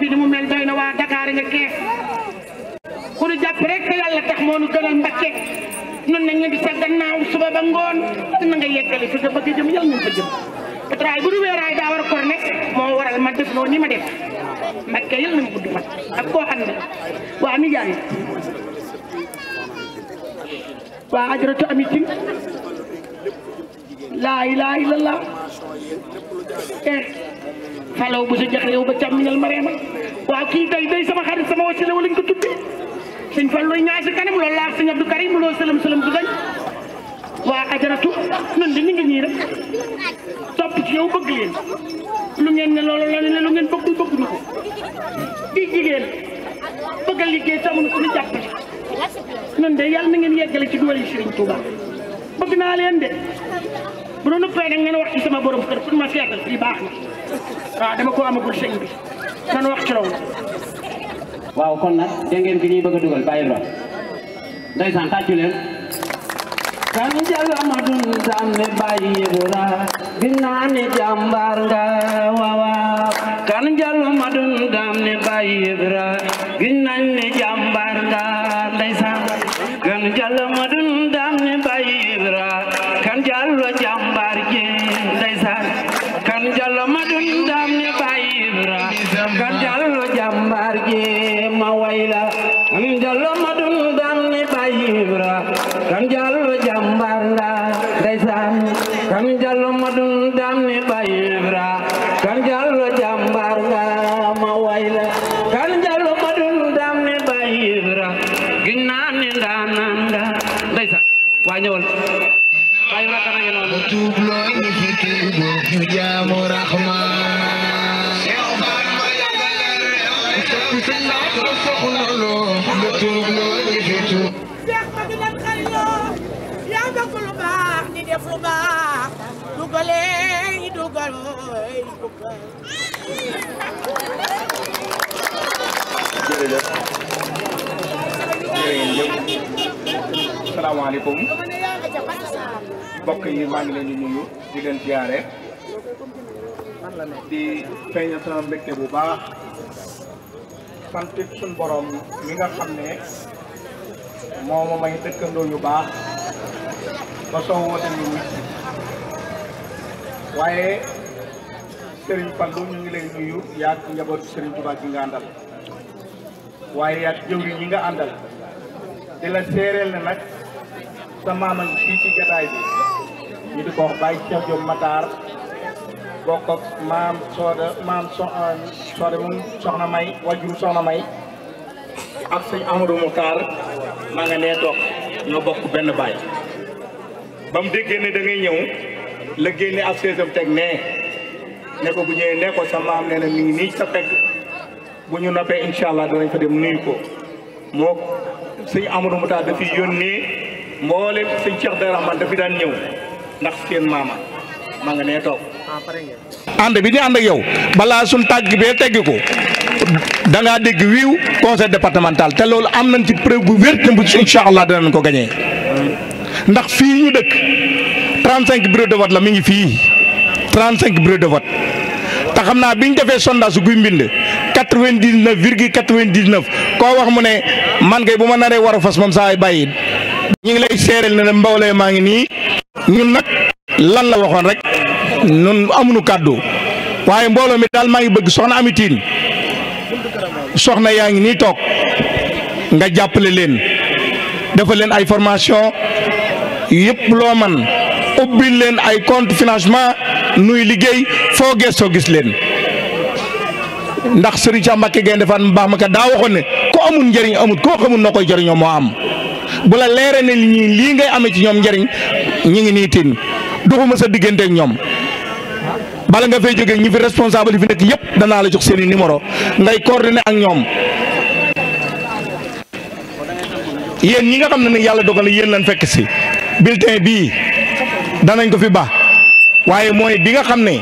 bi ni mu na waa Dakar nga kees ku te yàlla tax moo nu gënal Mbakke noonu nañ la di sa gannaaw suba ba ngoon na nga yeggali fi nga bëgg jëm yal nañ fa jëm raay bu du weeraay daa war a moo waral ma def noonu ma def Mbakke yal na mu gudd ma ak koo xam waa mi jaay waa ajaratu ami tin laa ilaaha illallah eh, Salaw bu sa jaxle yow ba càmmiñal Mariama waaw kii day day sama xarit sama wasila wala ñu ko tudde sëñ Fallu looy ñaar si kanam loolu laa sëñ Abdou Karim loo sëlëm sëlëm du dañ waa ajaratu nan di ni nga ñii yow bëgg leen lu ngeen ne loolu la ne lu ngeen bëggul bëgguñu ko di jigéen bëgg a liggéey samunu suñu jàppale nan de yàlla na ngeen yeggale ci duwal yi Sëriñ bëgg naa leen de bu doon ëppee nag ngeen wax ci sama borom kër pour ma seetal fii baax na waaw ah, dama ko amagul kan wax ci loolu. waaw kon nag dégg ngeen ki ñuy bëgg a dugal bàyyi lool ndeysaan tàccu leen. kan jàllama dun sàmme bàyyi yëbura ginnaa ne jàmbaar nga waawaaw kan jàllama dun dam ne bàyyi yëbura ginnañ ne jàmbaar nga ndeysaan kan jàllama jërëjëf salaamaaleykum mbokk yi maa ngi leen di nuyu di leen ziare di feeñal sama mbégte bu baax sant suñ borom mi nga xam ne moo ma may dëkkandoo yu baax ba soo woote ñu wut waaye sëriñ Fallou ñu ngi lay nuyu yaag njabootu Serigne Touba gi nga àndal waaye yaag jëwri ñi nga àndal di la séeréel ne nag sa maama fii ci jataay bi ñu di ko wax Baye Cheikh Diop bokk ak maam sooda maam sooda ah, mu soxna may wajur soxna may ak sëñ Amadou Moutar maa nga nee toog ñoo bokk benn baay ba mu déggee ne da ñëw la ak seesam teg nee ne ko bu ñëwee ne ko sa maam nee na mi nii sa teg bu ñu noppee incha allah danañ ko moo sëñ Amadou Moutar dafiy yónnee mboolem sëñ Cheikh Darahman dafi daan ñëw ndax seen maama maa nga nee toog ànd bi ñu ànd ak yow balaa suñ tàgg bee teggi ko da ngaa dégg wiiw conseil départemental te loolu am nañ ci preuve bu wér te bu incha allah danañ ko gañee ndax fii ñu dëkk 35 bureau de vote la mi ngi fii 35 bureau de vote te xam naa bi ñu defee sondage guy mbind 99 virgule 99 koo wax mu ne man kay bu ma naree war a fas moom saa yi bàyyi. ñu lay seereel ne ne mbooloo maa ngi nii ñun nag lan la waxoon rek nun amuñu kàddu waaye mbooloo mi daal maa ngi bëgg soxna amitiin soxna yaa ngi nii toog nga jàppale leen dafa leen ay formation yëpp loo man ubbi leen ay compte financement nuy liggéey foo gëstoo gis leen ndax Serigne Cheikh Mbacké Gaïndé Fatma baax ma ka daa waxoon ne ku amul njëriñ amul koo xamul noo koy jariñoo moo am bu la leeree ne lii ngay ame ci ñoom njariñ ñi ngi nii tin doxuma sa digganteek ñoom bala nga fay jógee ñi fi responsable yi fi nekk yëpp danaa la jox seeni i numéro ngay coordonné ak ñoom yéen ñi nga xam ne ni yàlla dogale na yéen lan fekk si bulletin bii danañ ko fi ba waaye mooy bi nga xam ne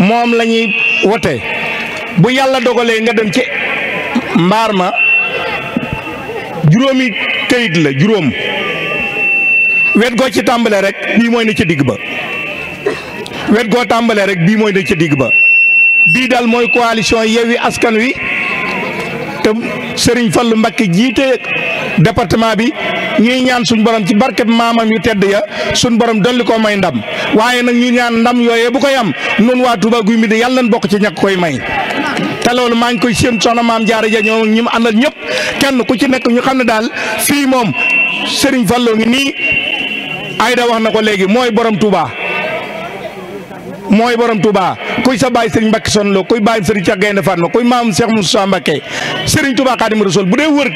moom lañuy wote bu yàlla dogalee nga dem ci mbaar ma juróomi kayit la juróom wet goo ci tàmbale rek bii mooy ne ci digg ba wet goo tàmbalee rek bii mooy da ca digg ba bii daal mooy coalition Yewwi Askan Wi te Serigne Fallou Mbacké jiite département bi ñuy ñaan suñ borom ci barkeb maamam yu tedd ya suñ borom dolli koo may ndam waaye nag ñu ñaan ndam yooyee bu koy am nun waa Touba Guy mi Mbind yàlla nañ bokk ci ñàkk koy may te loolu maa ngi koy séen soxna maam jaara ja ñoom ñi mu àndal ñëpp kenn ku ci nekk ñu xam ne daal fii moom Serigne Fallou ngi nii Ayda wax na ko léegi mooy borom Touba mooy borom Touba kuy sa baay Serigne Mbacke Soxna Lo kuy baayam Serigne Cheikh Gaynde Fatma kuy maamam Cheikh Moussa Mbacke Serigne Touba Khadim Rasoul bu dee wër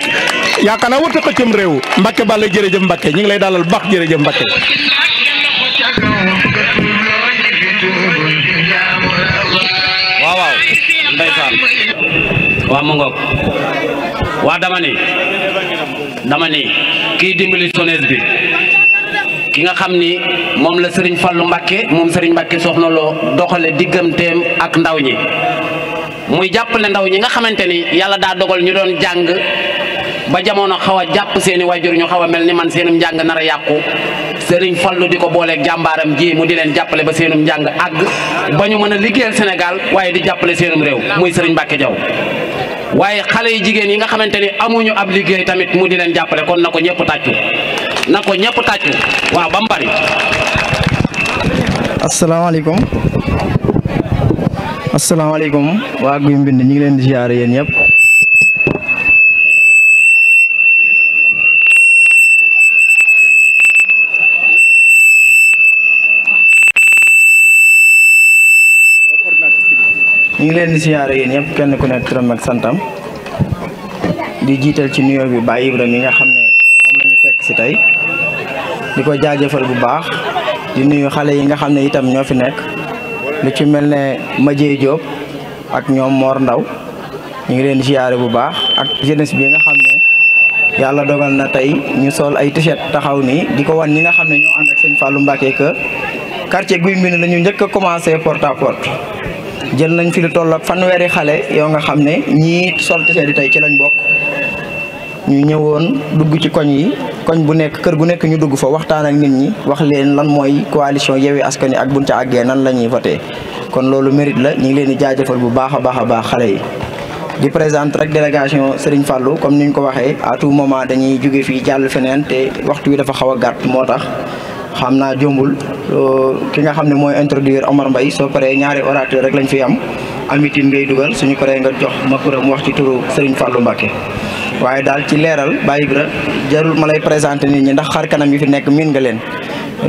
yaakaar naa wër te xëccam réew Mbacke Balla jërëjëf Mbacke ñu ngi lay dalal baax jërëjëf Mbacke. waaw waaw ndeysaan waa mu ngoog waa dama ni dama ni kii dimbali sones bi. gi nga xam ni moom la sëriñ Fallou mbakke moom sëriñ Mbacké Soxna loo doxale digganteem ak ndaw ñi muy jàppale ndaw ñi nga xamante ni yàlla daa dogal ñu doon jàng ba jamono xaw a jàpp seeni waajur ñu xaw a mel ni man seenum njàng nar a yàqu sëriñ Fallou di ko booleeg jàmbaaram ji mu di leen jàppale ba seenum njàng àgg ba ñu mën a liggéeyal senegal waaye di jàppale seenum réew muy Serigne Mbacké Diaw waaye xale yi jigéen yi nga xamante ni amuñu ab liggéey tamit mu di leen jàppale kon na ko ñëpp tàccu na ko ñëpp tàccu waaw ba mu bari. waa Guy Mbind ñu ngi leen di ziare yéen ñëpp. ñu ngi leen di siyaare yéen ñëpp kenn ku nekk ak santam di jiital ci nuyoo bi Baye Ibrahima mi nga xam ne moom la ñu fekk tey di ko jaajëfal bu baax di nuyu xale yi nga xam ne itam ñoo fi nekk lu ci mel ne Madiaye Diop ak ñoom Mor Ndaw ñu ngi leen ziare bu baax ak jeunesse bi nga xam ne yàlla dogal na tey ñu sol ay t taxaw nii di ko wan ñi nga xam ne ñoo ànd seen sëñ Fallou Mbacké que quartier Guy Mbind la njëkk a commencé porte à jël nañ fi lu toll ak fanweeri xale yoo nga xam ne ñii sol t yi tey ci lañ bokk ñu ñëwoon dugg ci koñ yi koñ bu nekk kër gu nekk ñu dugg fa waxtaan ak nit ñi wax leen lan mooy coalition Yewwi Askan Wi ak buñ ca àggee nan la ñuy voté kon loolu mérit la ñu ngi leen di jaajëfal bu baax a baax a baax xale yi. di présente rek délégation Serigne Fallou comme ni ñu ko waxee à tout moment dañuy jóge fii jàll feneen te waxtu wi dafa xaw a gàtt moo tax xam naa jombul euh, ki nga xam ne mooy introduire Omar mbay soo paree ñaari orateur rek lañ fi am amitin ngay dugal suñu paree nga jox ma kuram wax ci turu Serigne Fallou Mbacké. waaye daal ci leeral Baye Ibra jarul ma lay présenté nit ñi ndax xar kanam yi fi nekk miin nga leen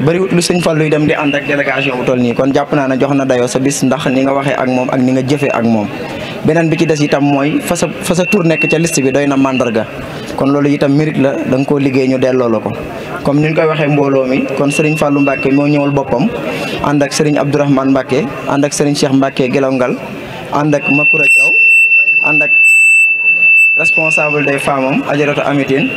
bëriwut lu sëñ fal luy dem di ànd ak délégation bu toll nii kon jàpp naa ne jox na dayoo sa bis ndax ni nga waxee ak moom ak ni nga jëfee ak moom beneen bi ci des itam mooy fa sa fa sa tur nekk ca liste bi doy na màndarga kon loolu itam mirit la da nga koo liggéey ñu delloo la ko comme ni ñu koy waxee mbooloo mi kon Serigne Fallou Mbacke moo ñëwal boppam ànd ak Serigne Abdourahmane Mbacke ànd ak Serigne Cheikh Mbacke Gelawngal ànd ak Makoura Thiaw ànd ak responsable des femmes am Ajaratu Amitine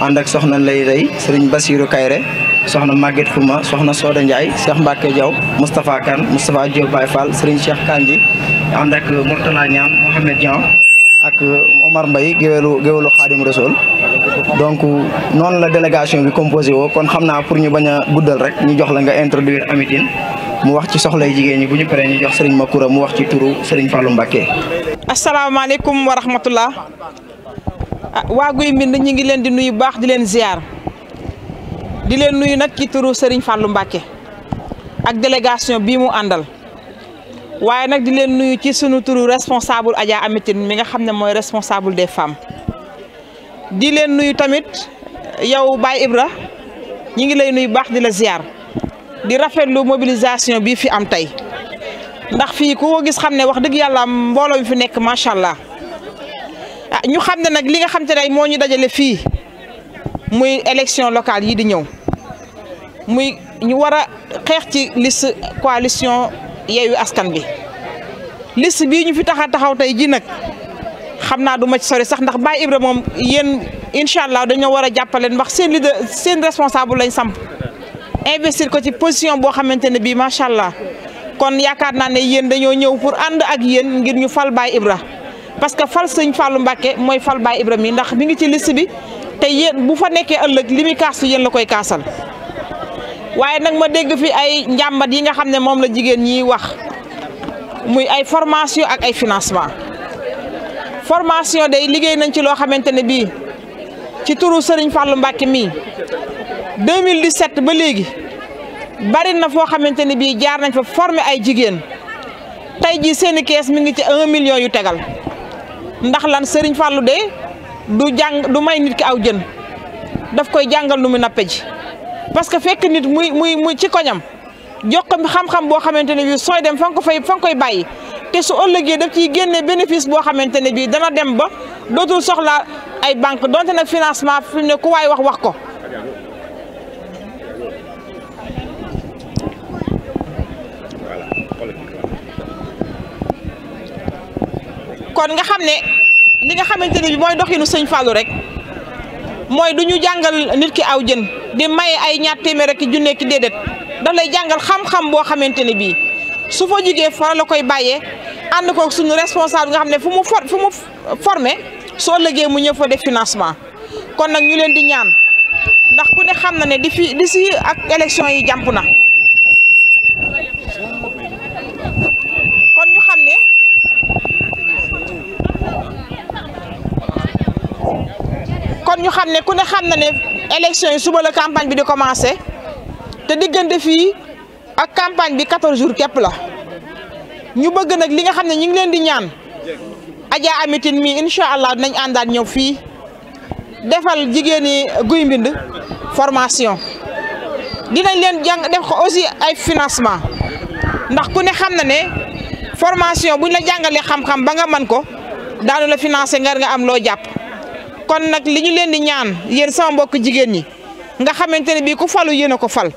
ànd ak soxna Lay Lay sëriñ Bassirou Kayre soxna Maguette Fouma soxna Soda Ndiaye Cheikh Mbacke Diaw Moustapha Kane Moustapha Diop Baye Fall sëriñ Cheikh Kanji ànd ak Mourtala Niane Mohamed Dian ak Omar Mbaye géwélu géwélu Xaadim Rasul donc noonu la délégation bi composé woo kon xam naa pour ñu bañ a guddal rek ñu jox la nga introduire amitin mu wax ci soxlay jigéen ñi bu ñu paree ñu jox sëriñ Makoura mu wax ci turu sëriñ Fallou Mbacke asalaamaaleykum wa rahmatullah ah, waa guy mbind ñi ngi leen di nuyu baax di leen ziar di leen nuyu nag ci turu sëriñ Fallou Mbacke ak délégation bii mu àndal waaye nag di leen nuyu ci sunu turu responsable Adja Amitine mi nga xam ne mooy responsable des femmes di leen nuyu tamit yow baay Ibra ñi ngi lay nuyu baax di la ziar di rafetlu mobilisation bii fi am tey. ndax fii ko gis xam ne wax dëgg yàlla mbooloo mi fi nekk macha allah ah ñu xam ne nag li nga xam te ne moo ñu dajale fii muy élection locale yi di ñëw muy ñu war a xeex ci liste coalition Yewwi Askan bi liste bii ñu fi taxa taxaw tey ji nag xam naa du ma ci sori sax ndax Baye Ibra moom yéen incha allah dañoo war a jàppale ndax seen leader seen responsable lañ samp investir ko ci position boo xamante ne bii macha allah. kon yaakaar naa ne yéen dañoo ñëw pour ànd ak yéen ngir ñu fal Baye Ibra parce que fal sëñ Fallou Mbacké mooy fal Baye Ibra mii ndax mi ngi ci liste bi te yéen bu fa nekkee ëllëg li muy kaasu yéen la koy kaasal waaye nag ma dégg fi ay njàmbat yi nga xam ne moom la jigéen ñi wax muy ay formation ak ay financement formation de liggéey nañ ci loo xamante ne bii ci turu Serigne Fallou Mbacké mii 2017 ba léegi bari na foo xamante ni bii jaar nañ fa former ay jigéen tey jii seen i kees mi ngi ci un million yu tegal ndax lan Serigne Fallou de du jàng du may nit ki aw jën daf koy jàngal nu mu nappe ji parce que fekk nit muy muy mu ci koñam jox ko xam-xam boo xamante ne bii sooy dem fa ko fay fa koy bàyyi te su ëllëgee daf ciy génnee bénéfice boo xamante ne bii dana dem ba dootul soxla ay banque donte nag financement fi ne ku waay wax wax ko. kon nga xam ne li nga xamante ne bi mooy doxinu sëñ Fallou rek mooy du ñu jàngal nit ki aw jën di maye ay ñaar téeméer ak junne ki déedéet daf lay jàngal xam-xam boo xamante ne bii su fa jugee fa la koy bàyyee ànd ko suñu responsable nga xam ne fu mu for fu mu formé soo lëggee mu ñëw fa def financement kon nag ñu leen di ñaan ndax ku ne xam na ne di fi si ak élection yi jàmp na ñu xam ne ku ne xam na ne élection yi suba la campagne bi di commencé te diggante fii ak campagne bi 14 jours képp la ñu bëgg nag li nga xam ne ñu ngi leen di ñaan Adja Amitin mii incha allah dinañ àndaat ñëw fii defal jigéen ñi guy mbind formation dinañ leen jàng def ko aussi ay financement ndax ku ne xam na ne formation buñ la jàngalee xam-xam ba nga man ko daanu la financé ngar nga am loo jàpp. kon nag li ñu leen di ñaan yéen sama mbokk jigéen ñi nga xamante ne bii ku falu yéen a ko fal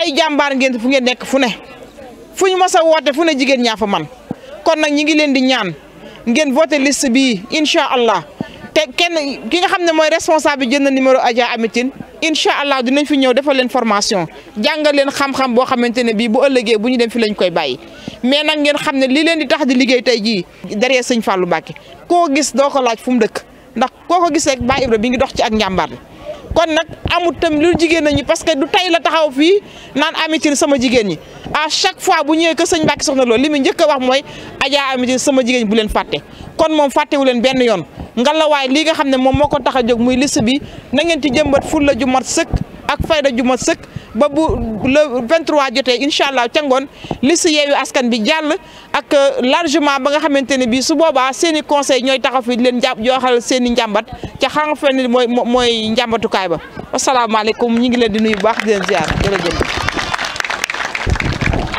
ay jàmbaar ngeen fu ngeen nekk fu ne fu ñu mos a woote ne jigéen ñaa fa man kon nag ñi ngi leen di ñaan ngeen voté liste bii incha allah te kenn ki nga xam ne mooy responsable bi jënd na numéro Adja Amy Tine incha allah dinañ fi ñëw defal leen formation jàngal leen xam-xam boo xamante ne bii bu ëllëgee bu ñu dem fi lañ koy bàyyi mais nag ngeen xam ne li leen di tax di liggéey tey jii derrière sëñ Fallou koo gis doo ko laaj fu mu dëkk. ndax koo ko gisee Ba Ibra bi ngi dox ci ak njàmbaar kon nag amul tam lu jigéen ñi parce que du tey la taxaw fii naan amitié sama jigéen ñi à chaque fois bu ñëwee que sëñ Mbacke soxna lool li mu njëkk a wax mooy Adja amitié sama jigéen bu leen fàtte kon moom fàttewu leen benn yoon ngalawaay li nga xam ne moom moo ko tax a jóg muy liste bi na ngeen ci jëmbat ful la ju mat sëkk. ak fayda ju ma sëkk ba bu le 23 jotee incha allah ca ngoon liste askan bi jàll ak euh, largement ba nga xamante ne bii su boobaa seen i conseil ñooy taxaw fi di leen jàpp jooxal seen i njàmbat ca xam fa ni mooy mooy njàmbatukaay ba asalaamaaleykum ñu ngi leen di nuyu baax di leen ziar jërëjëf.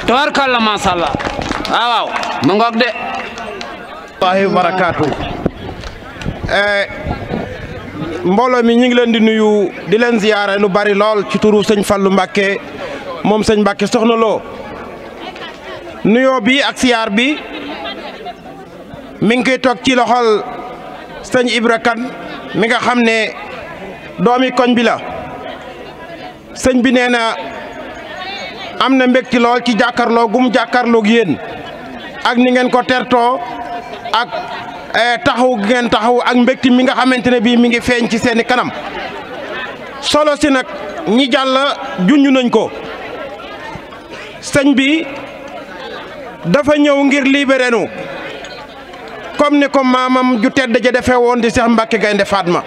tabarkalla macha allah waaw ah, waaw mu ngoog de. waaleykum barakaatu. Eh, mbooloo mi ñu ngi leen di nuyu di leen ziyaare lu bari lool ci turu sëñ lu Mbacké moom sëñ Mbacké soxna loo nuyoo bi ak siyaar bi mi ngi koy toog ci loxol sëñ Ibra Kane mi nga xam ne doomi koñ bi la sëñ bi nee na am na mbégte lool ci jàkkaarloo gum jàkkaarloog yéen ak ni ngeen ko tertoo ak Eh, taxaw ngeen taxaw ak mbégte mi nga xamante ne bii mi ngi feeñ ci seeni kanam solo si nag ñi jàll junj nañ ko sëñ bi dafa ñëw ngir libéré nu comme ni ko maamam ju tedd ja defee woon di Seex Mbàkke Gaynde Fatma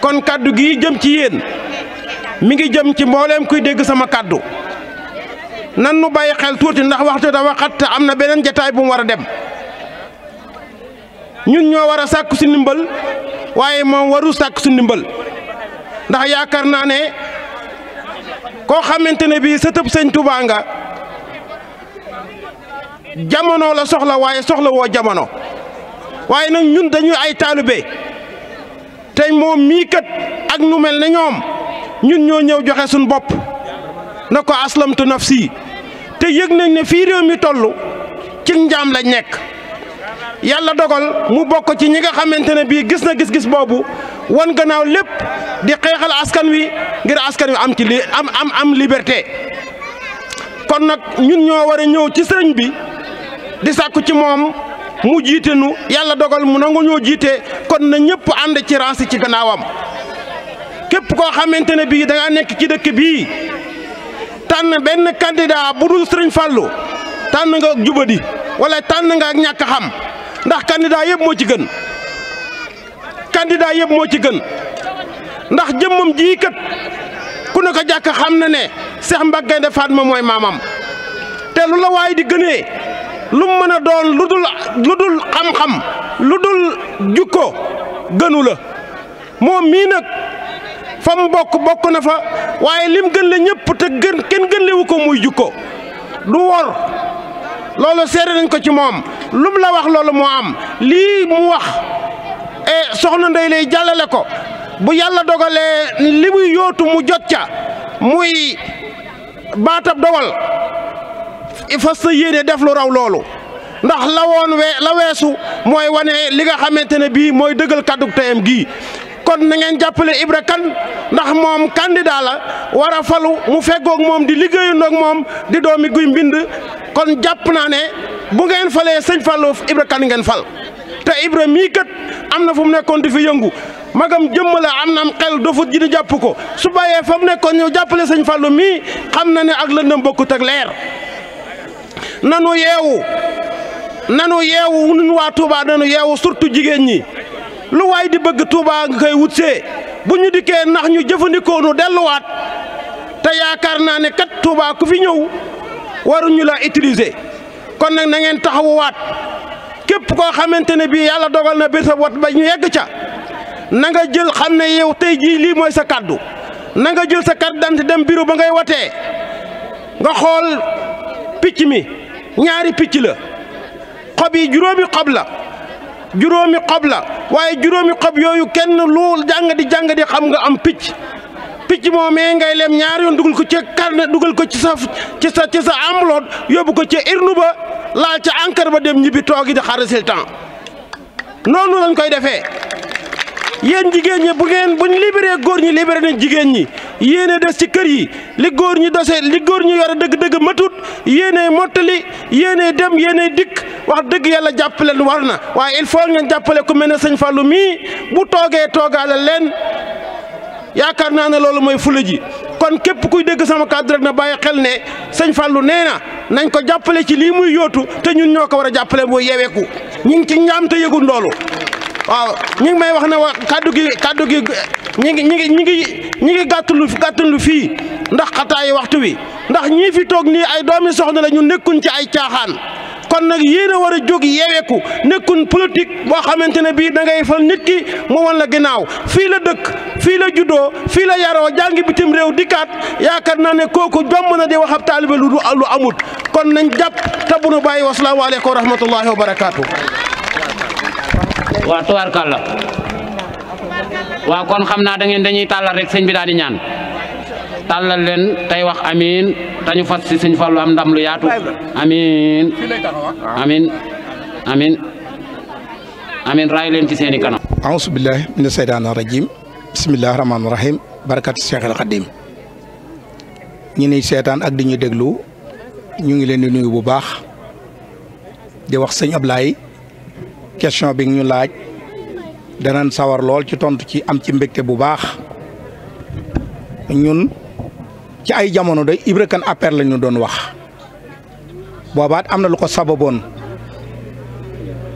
kon kàddu gi jëm ci yéen mi ngi jëm ci mboolem kuy dégg sama kàddu nan nu bàyyi xel tuuti ndax waxtu dafa xat am na beneen jataay bu mu war a dem. ñun ñoo war a sàkku si ndimbal waaye moom waru sàkk su ndimbal ndax yaakaar naa ne koo xamante ne bii sa tëb sëñ Tuubaa nga jamono la soxla waaye soxla woo jamono waaye nag ñun dañuy ay taalibe te moom mii kat ak nu mel ne ñoom ñun ñoo ñëw joxe suñu bopp na ko aslamtu nafsi te yëg nañ ne fii réew mi tollu ci njaam lañ nekk yàlla dogal mu bokk ci ñi nga xamante ne bii gis na gis-gis boobu wan gannaaw lépp di xeexal askan wi ngir askan wi am ci am am am liberté kon nag ñun ñoo war a ñëw ci sëriñ bi di sàkku ci moom mu jiite nu yàlla dogal mu nangu ñoo jiite kon na ñëpp ànd ci ransi ci gannaawam képp koo xamante ne bii da nekk ci dëkk bii tànn benn candidat bu dul sëriñ Fallou tànn nga jubadi wala tànn nga ak ñàkk xam. ndax candidat yëpp moo ci gën candidat yëpp moo ci gën ndax jëmmam jii kat ku ne a jàkk xam na ne Cheikh Mbacké Gaïndé Fatma mooy maamam te lu la waay di gënee lu mu mën a doon lu dul lu dul xam-xam lu dul jukko gënu la moom mii nag fa mu bokk bokk na fa waaye lim gën la ñëpp te kenn gën lewu ko muy jukko du wor loolu seere nañ ko ci moom lum la wax loolu moo am lii mu wax e soxna Ndeye Leye jàllale ko bu yàlla dogalee li muy yóotu mu jot ca muy baatab dogal fas sa yéene def lu raw loolu ndax la woon we la weesu mooy wane li nga xamante ne bii mooy dëggal kàddu tayam gii kon na ngeen jàppale Ibra Kane ndax moom candidat la falu mu feggoog moom di liggéeyandoog moom di doomi guy mbind kon jàpp naa ne bu ngeen falee sëñ Fallou Ibra kan ngeen fal te Ibra mii kat am na fu mu nekkoon di fi yëngu magam jëmm la am na xel dofut ji di jàpp ko su bàyyee fa mu nekkoon ñëw jàppale sëñ Fallou mii xam na ne ak lëndëm bokkut ak leer nanu yeewu nanu yeewu nun waa Touba nanu yeewu surtout jigéen ñi lu waay di bëgg Touba nga koy wutsee bu ñu dikkee ndax ñu jëfandikoo nu delluwaat te yaakaar naa ne kat Touba ku fi ñëw waruñu la utiliser. kon nag na ngeen taxawuwaat képp koo xamante ne bii yàlla dogal na bésab wat ba ñu yegg ca na nga jël xam ne yow tey jii lii mooy sa kàddu na nga jël sa kàddu dem bureau ba ngay watee nga xool picc mi ñaari picc la xob yi juróomi xob la juróomi xob la waaye juróomi xob yooyu kenn lu jàng di jàng di xam nga am picc picc moomee ngay lem ñaar yoon dugal ko ci dugal ko ci sa ci sa ci sa enveloppe yóbbu ko ca urne ba laal ca encre ba dem ñibbi toogi di xaar résultat noonu lañ koy defee yéen jigéen ñi bu ngeen buñ libéré góor ñi libéré nañ jigéen ñi yéene des ci kër yi li góor ñi dose li góor ñi a dëgg-dëgg matut yéene mottali yéene dem yéene dikk wax dëgg yàlla jàppale lu war na waaye il faut ngeen jàppale ku mel ne sëñ Fallou mii bu toogee toogaale leen yaakaar naa ne loolu mooy fula ji kon képp kuy dégg sama kàddu na bàyyi xel ne sëñ Fallou nee na nañ ko jàppale ci lii muy yootu te ñun ñoo ko war a jàppale mooy yeeweeku ñu ngi ci ñaam te yëgul loolu waaw ñu ngi may wax ne wa kàddu gi kàddu gi ñi ngi ñi ngi ñi ngi ñi ngi gàttalu gàttalu fii ndax xataayi waxtu wi ndax ñii fi toog nii ay doomi soxna la ñu nekkuñ ci ay caaxaan kon nag yéen war a jóg yeeweeku nekkun politique boo xamante ne bii dangay ngay nit ki mu wan la ginnaaw fii la dëkk fii la juddoo fii la yaroo jàngi bitim réew dikkaat yaakaar naa ne kooku jomm na di wax ab lu lu amut kon nañ jàpp te bu nu bàyyi wasalaamaaleykum wa rahmatullahi wa barakaatu. waaw kon xam naa dangeen dañuy tàllal rek sëñ bi daal di ñaan. tàllal leen tey wax amiin tañu fas ci Sëñ Fallu am ndam lu yaatu amiin amiin raay leen ci seeni kanam auzu billahi mina seytaani rajim bismillahi rahmaani rahim barakaatu Seexul Xadiim ñi ni seetaan ak di ñu déglu ñu ngi leen di nuyu bu baax di wax sëñ Ablaye question bi ñu laaj danañ sawar lool ci tontu ci am ci mbégte bu baax ñun ci ay jamono da Ibra Kane APR la doon wax boobaat am na lu ko sababoon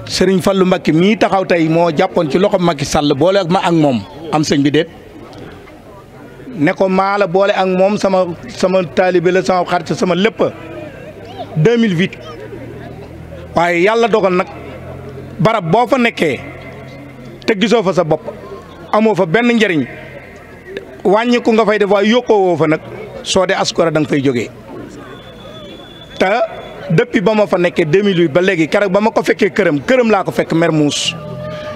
sëriñ Fallou Mbacké mii taxaw tey moo jàppoon ci loxo Macky Sall boole ma ak moom am sëñ bi déet ne ko maa boole ak moom sama sama taalibe la sama xarit sama lépp 2008 waaye yàlla dogal nag barab boo fa nekkee te gisoo fa sa bopp amoo fa benn njariñ wàññiku nga fay def waa yokkoo woo fa nag soo de askora da nga fay jógee te depuis ba ma fa nekkee 2008 ba léegi keroog ba ma ko fekkee këram këram laa ko fekk Mermoz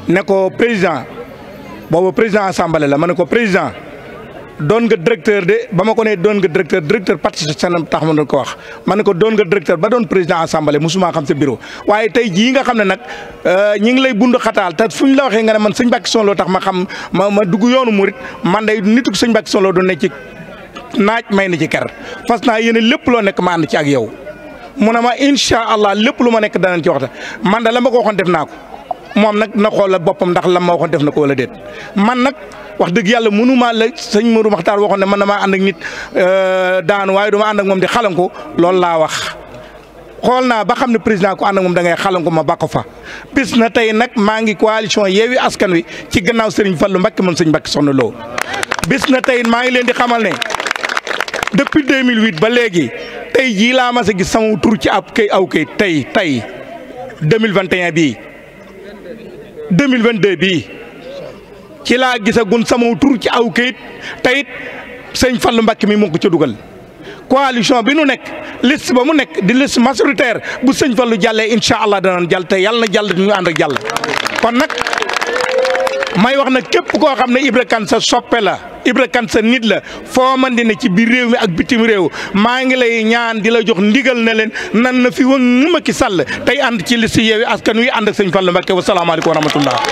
ne ko président boobu président assemblée la ma ne ko président doon nga directeur de ba ma ko nee doon nga directeur directeur parti seen tax ma ko wax ma ne ko doon nga directeur ba doon président assemblée musuma xam sa bureau waaye tey jii nga xam ne nag euh, ñi ngi lay bund xataal te fu ñu la waxee nga ne man sëñ Mbacké Sonlo tax ma xam ma ma dugg yoonu murit man day nituk sëñ Mbacké Sonlo doon ne ci naaj may na ci ker fas naa yéene lépp loo nekk ma ànd ci ak yow mu ne ma incha allah lépp lu ma nekk danañ ci waxta man da la ma ko waxoon def naa ko moom nag na xoolal boppam ndax la ma waxoon def na ko wala déet man nag wax dëgg yàlla munu mënuma la sëñ Modou Makhtar waxoon ne man damaa ànd ak nit euh, daan waaye duma ànd ak moom di xalanko loolu laa wax xool naa ba xam ne président ko ànd ak moom da ngay ma bàkko fa bis na tey nag maa ngi coalition Yewwi Askan Wi ci gannaaw Serigne Fallou Mbacké moom sëñ Mbacké Soxna Lo na tey depuis 2008 ba léegi tey jii laa mas gis sama tur ci ab kay aw kay tey tey 2021 bii 2022 bii ci laa gisagun sama tur ci aw kayit teyit sëñ Fallou Mbacké mi moo ko ca dugal coalition bi nu nekk liste ba mu nekk di liste majoritaire bu sëñ Fallou jàllee incha allah danañ jàll te yàlla na jàll ñu ànd ak jàll kon nag may wax nag képp koo xam ne Ibra Kane sa soppe la Ibra Kane sa nit la foo man ne ci biir réew mi ak bitim réew maa ngi lay ñaan di la jox ndigal na leen nan na fi wëng ma ki sàll tey ànd ci liste Yewwi Askan Wi ànd ak sëñ Fallou Mbacké wa salaamaaleykum wa rahmatullah